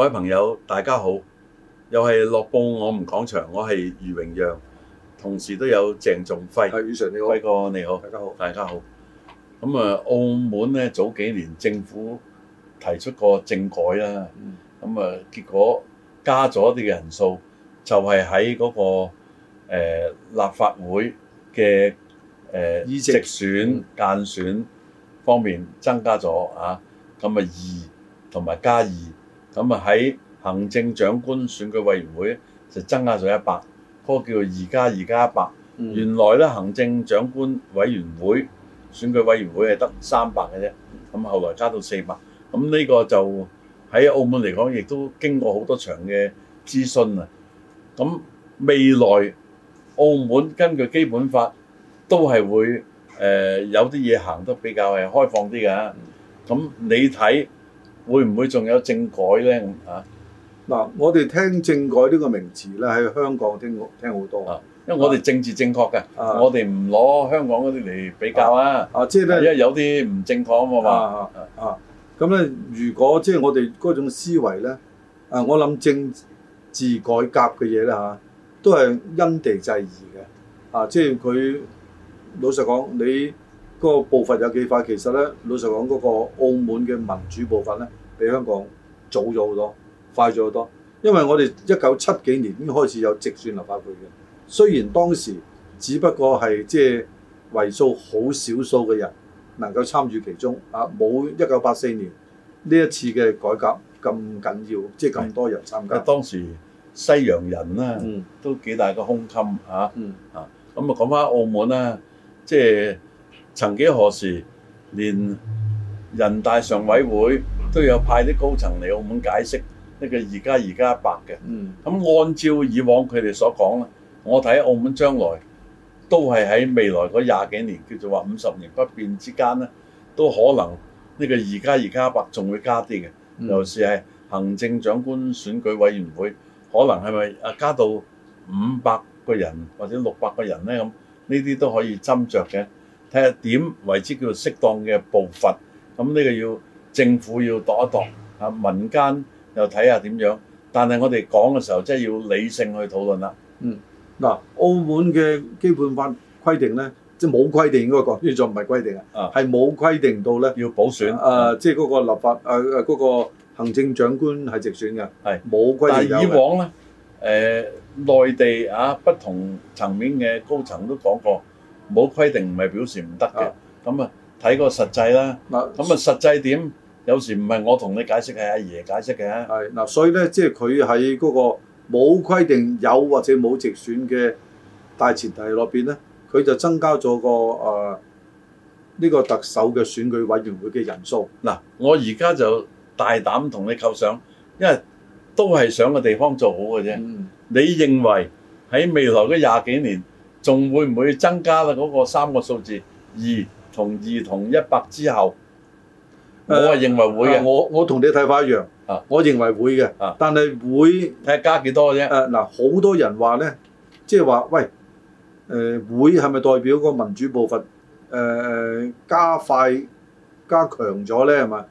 各位朋友，大家好！又係樂報我哋講場，我係余榮陽，同時都有鄭仲輝。係馮常你好，輝哥你好，大家好，大家好。咁啊，澳門咧早幾年政府提出過政改啦，咁、嗯、啊結果加咗啲嘅人數，就係喺嗰個、呃、立法會嘅誒、呃、直，直選、嗯、間選方面增加咗啊，咁啊二同埋加二。咁啊喺行政長官選舉委員會就增加咗一百，嗰個叫做二加二加一百。原來咧行政長官委員會選舉委員會係得三百嘅啫，咁後來加到四百。咁呢個就喺澳門嚟講，亦都經過好多場嘅諮詢啊。咁未來澳門根據基本法都係會誒、呃、有啲嘢行得比較係開放啲嘅。咁你睇？會唔會仲有政改咧？咁嗱，我哋聽政改呢個名詞咧，喺香港聽好好多啊。因為我哋政治正確嘅、啊，我哋唔攞香港嗰啲嚟比較啊。啊，啊即係咧，因為有啲唔正確嘛啊嘛啊咁咧、啊啊啊啊嗯啊，如果即係、就是、我哋嗰種思維咧，啊，我諗政治改革嘅嘢咧嚇，都係因地制宜嘅。啊，即係佢老實講，你嗰個步伐有幾快？其實咧，老實講嗰、那個澳門嘅民主部分咧。比香港早咗好多，快咗好多。因為我哋一九七幾年已經開始有直選立法會嘅，雖然當時只不過係即係為數好少數嘅人能夠參與其中，啊，冇一九八四年呢一次嘅改革咁緊要，即係咁多人參加。但當時西洋人呢、嗯、都幾大嘅胸襟嚇、嗯，啊咁啊講返澳門啦，即係曾幾何時，連人大常委會。都有派啲高層嚟澳門解釋，呢個而家而家一百嘅，咁按照以往佢哋所講咧，我睇澳門將來都係喺未來嗰廿幾年叫做話五十年不變之間咧，都可能呢個而家而家一百仲會加啲嘅、嗯，尤其是係行政長官選舉委員會，可能係咪啊加到五百個人或者六百個人咧咁，呢啲都可以斟酌嘅，睇下點為之叫做適當嘅步伐，咁呢個要。政府要度一度，吓，民間又睇下點樣。但係我哋講嘅時候，真係要理性去討論啦。嗯，嗱，澳門嘅基本法規定咧，即係冇規定應該講呢個唔係規定啊，係冇規定到咧。要補選啊，即係嗰個立法啊，嗰個行政長官係直選嘅，係冇規定。但係以往咧，誒內地啊，不同層面嘅高層都講過冇規定唔係表示唔得嘅，咁啊。睇個實際啦，嗱咁啊實際點？有時唔係我同你解釋，係阿爺解釋嘅。係嗱，所以咧，即係佢喺嗰個冇規定有或者冇直選嘅大前提落邊咧，佢就增加咗個誒呢、呃呢個特首嘅選舉委員會嘅人數。嗱，我而家就大膽同你構想，因為都係想個地方做好嘅啫、嗯。你認為喺未來嗰廿幾年，仲會唔會增加啦嗰個三個數字二？從二同一百之後，我係認為會嘅、啊啊。我我同你睇法一樣。啊，我認為會嘅。啊，但係會睇加幾多啫。誒、啊、嗱，好多人話咧，即係話喂，誒、呃、會係咪代表個民主步伐誒、呃、加快加強咗咧？係咪？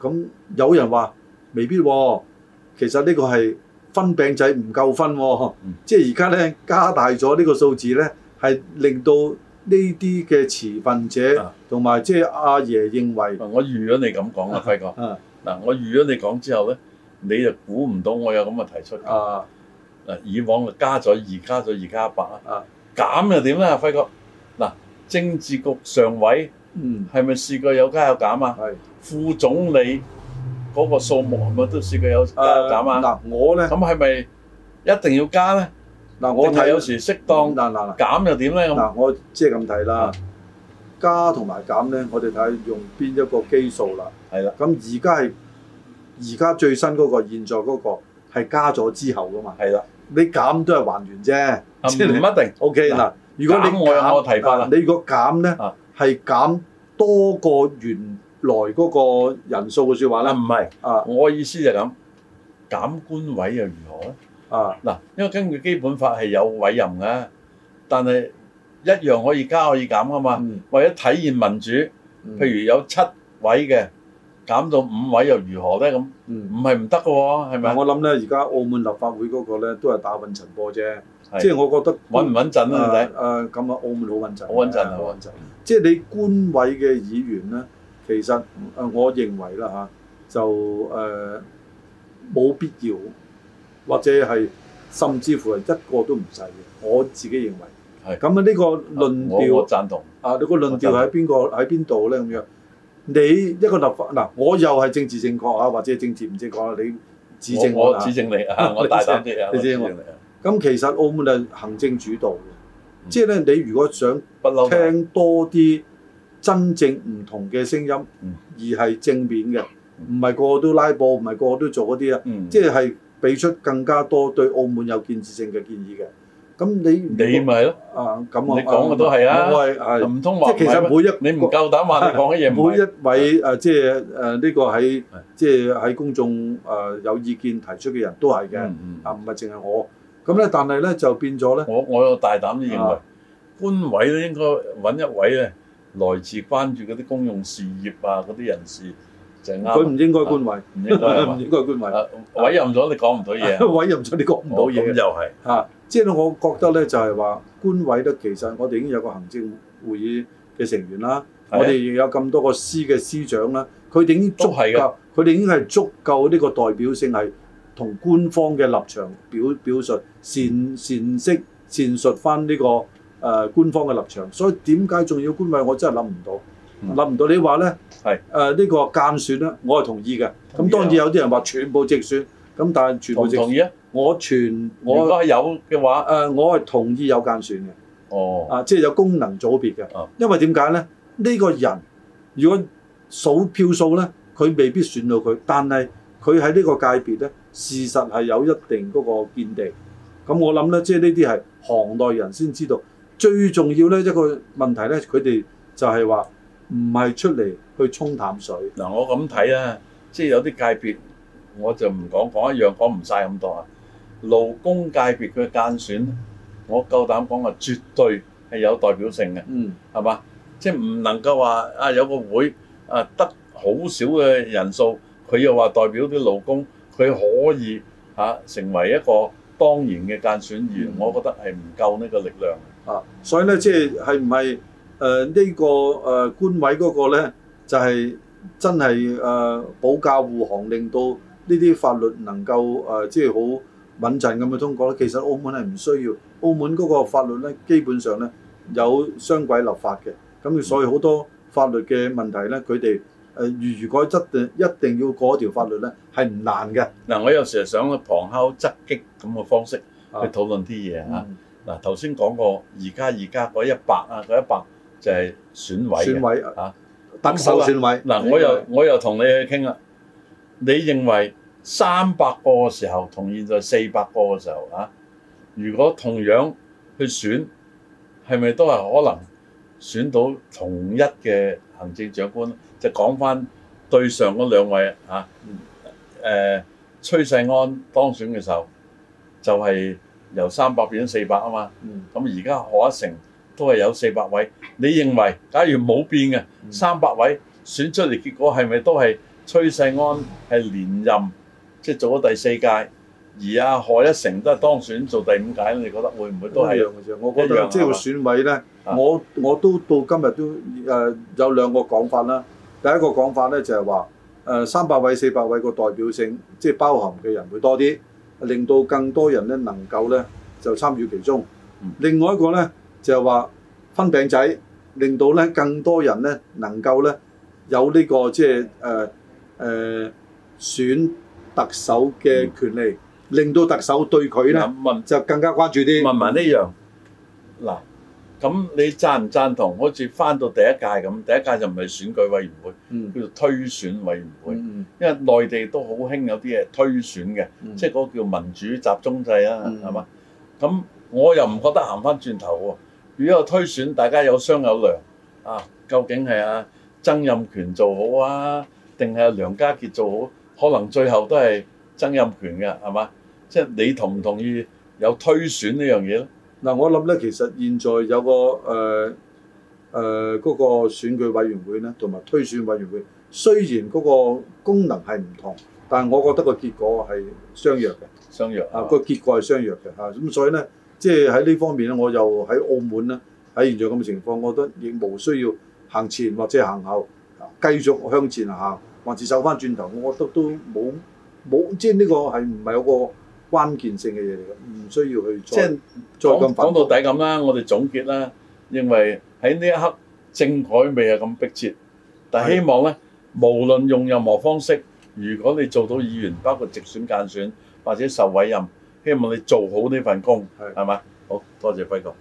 咁有人話未必、哦，其實呢個係分餅仔唔夠分、哦，即係而家咧加大咗呢個數字咧，係令到呢啲嘅持份者同埋即係阿爺認為，我預咗你咁講啊，啊，輝哥。嗱、啊，我預咗你講之後咧，你就估唔到我有咁嘅提出。嗱、啊，以往就加咗，二加，二加咗二加一百啦、啊。減又點咧，輝哥？嗱、啊，政治局常委，係、嗯、咪試過有加有減啊？副總理嗰個數目咪都試過有加減啊？嗱、啊啊，我咧，咁係咪一定要加咧？嗱我睇有時適當，嗱嗱、嗯嗯嗯嗯嗯、減又點咧？嗱我即係咁睇啦，加同埋減咧，我哋睇用邊一個基數啦，係啦。咁而家係而家最新嗰個，現在嗰個係加咗之後噶嘛？係啦，你減都係還原啫，即唔一定。O K 嗱，如果你我有我提法，你如果減咧係、啊、減多過原來嗰個人數嘅説話咧，唔、啊、係、啊，我意思就係咁，減官位又如何咧？啊嗱，因為根據基本法係有委任嘅，但係一樣可以加可以減噶嘛。為、嗯、咗體現民主，譬如有七位嘅減到五位又如何咧？咁唔係唔得嘅喎，係、嗯、咪、哦？我諗咧，而家澳門立法會嗰個咧都係打混陳波啫，即係、就是、我覺得穩唔穩陣咧、啊？阿阿咁啊，澳門好穩陣、啊，好穩陣、啊，好穩陣、啊、穩陣。即係你官委嘅議員咧，其實誒我認為啦、啊、嚇，就誒冇、啊、必要。或者係甚至乎係一個都唔使嘅，我自己認為。係咁啊，呢個論調我，我贊同。啊，你、你個論調喺邊個，喺邊度咧？咁樣你一個立法嗱、啊，我又係政治正確啊，或者係政治唔正確啊？你指正、啊、我我指正你啊！ 我大膽啲啊！你指正我啊！咁其實澳門係行政主導嘅、嗯，即係咧，你如果想聽多啲真正唔同嘅聲音，嗯、而係正面嘅，唔係個個都拉布，唔係個個都做嗰啲啊，即係。俾出更加多對澳門有建設性嘅建議嘅，咁你你咪咯啊，咁你講嘅都係啊，唔通話即係其實每一你唔夠膽話你講嘅嘢，每一位誒即係誒呢個喺即係喺公眾誒、啊、有意見提出嘅人都係嘅、嗯嗯，啊唔係淨係我，咁咧但係咧就變咗咧，我我有大膽嘅認為、啊、官委咧應該揾一位咧來自關注嗰啲公用事業啊嗰啲人士。佢唔應該官位，唔應該官位。委任咗你講唔到嘢，委任咗你講唔到嘢。啊啊啊哦哦、又係，嚇、啊嗯嗯，即係我覺得咧，就係、是、話官位咧，其實我哋已經有個行政會議嘅成員啦，我哋亦有咁多個司嘅司長啦，佢哋已經足夠，佢哋、啊、已經係足夠呢個代表性係同官方嘅立場表表述，闡闡釋闡述翻呢、這個誒、呃、官方嘅立場，所以點解仲要官位？我真係諗唔到。諗唔到你話咧，係誒呢個間選咧，我係同意嘅。咁當然有啲人話全部直選，咁但係全部直選，我同意啊！我全我如果係有嘅話，誒、呃、我係同意有間選嘅。哦，啊即係、就是、有功能組別嘅、哦。因為點解咧？呢、這個人如果數票數咧，佢未必選到佢，但係佢喺呢個界別咧，事實係有一定嗰個見地。咁我諗咧，即係呢啲係行內人先知道。最重要咧一個問題咧，佢哋就係話。唔係出嚟去沖淡水嗱、啊，我咁睇啊，即係有啲界別我就唔講，講一樣講唔晒咁多啊。勞工界別嘅間選，我夠膽講話絕對係有代表性嘅，嗯，係嘛？即係唔能夠話啊有個會啊得好少嘅人數，佢又話代表啲勞工，佢可以嚇、啊、成為一個當然嘅間選員，嗯、我覺得係唔夠呢個力量啊。所以咧，即係係唔係？誒、呃這個呃、呢個誒官委嗰個咧，就係、是、真係誒、呃、保駕護航，令到呢啲法律能夠誒、呃、即係好穩陣咁去通過。其實澳門係唔需要澳門嗰個法律呢，基本上呢有雙軌立法嘅，咁所以好多法律嘅問題呢，佢哋誒如果質定一定要過條法律呢，係唔難嘅。嗱、呃，我有時係想旁敲側擊咁嘅方式去討論啲嘢嚇。嗱、啊，頭先講過而家而家嗰一百啊嗰一百。就係、是、選委選委，啊，特首選委嗱、啊，我又我又同你去傾啦。你認為三百個嘅時候同現在四百個嘅時候啊，如果同樣去選，係咪都係可能選到同一嘅行政長官？就講翻對上嗰兩位啊，誒、呃，崔世安當選嘅時候就係、是、由三百變咗四百啊嘛。咁而家賀一誠？都係有四百位，你認為假如冇變嘅三百位選出嚟，結果係咪都係崔世安係連任，即係做咗第四屆，而阿賀一誠都係當選做第五屆咧？你覺得會唔會都係一樣嘅啫？我覺得即係選委咧，我我都到今日都誒有兩個講法啦。第一個講法咧就係話誒三百位四百位個代表性，即係包含嘅人會多啲，令到更多人咧能夠咧就參與其中。另外一個咧。就係話分餅仔，令到咧更多人咧能夠咧有呢、這個即係誒誒選特首嘅權利、嗯，令到特首對佢咧就更加關注啲。問問呢樣嗱，咁你贊唔贊同？好似翻到第一屆咁，第一屆就唔係選舉委員會，會、嗯，叫做推選委員會，不會、嗯，因為內地都好興有啲嘢推選嘅、嗯，即係嗰叫民主集中制啦，係、嗯、嘛？咁我又唔覺得行翻轉頭喎、啊。如果推選，大家有商有量、啊、究竟係阿曾蔭權做好啊，定係阿梁家傑做好？可能最後都係曾蔭權嘅，係嘛？即係你同唔同意有推選呢樣嘢咧？嗱，我諗呢，其實現在有個誒誒嗰個選舉委員會呢，同埋推選委員會，雖然嗰個功能係唔同，但係我覺得個結果係相若嘅，相若啊個、啊、結果係相若嘅嚇，咁、啊、所以呢。即係喺呢方面咧，我又喺澳門咧，喺現在咁嘅情況，我覺得亦無需要行前或者行後，繼續向前行，或者走翻轉頭，我覺得都冇冇，即係呢個係唔係有一個關鍵性嘅嘢嚟㗎？唔需要去做，即再再咁反覆。講到底咁啦，我哋總結啦，認為喺呢一刻政改未係咁迫切，但係希望咧，無論用任何方式，如果你做到議員，包括直選、間選或者受委任。希望你做好呢份工，係咪？好多謝輝哥。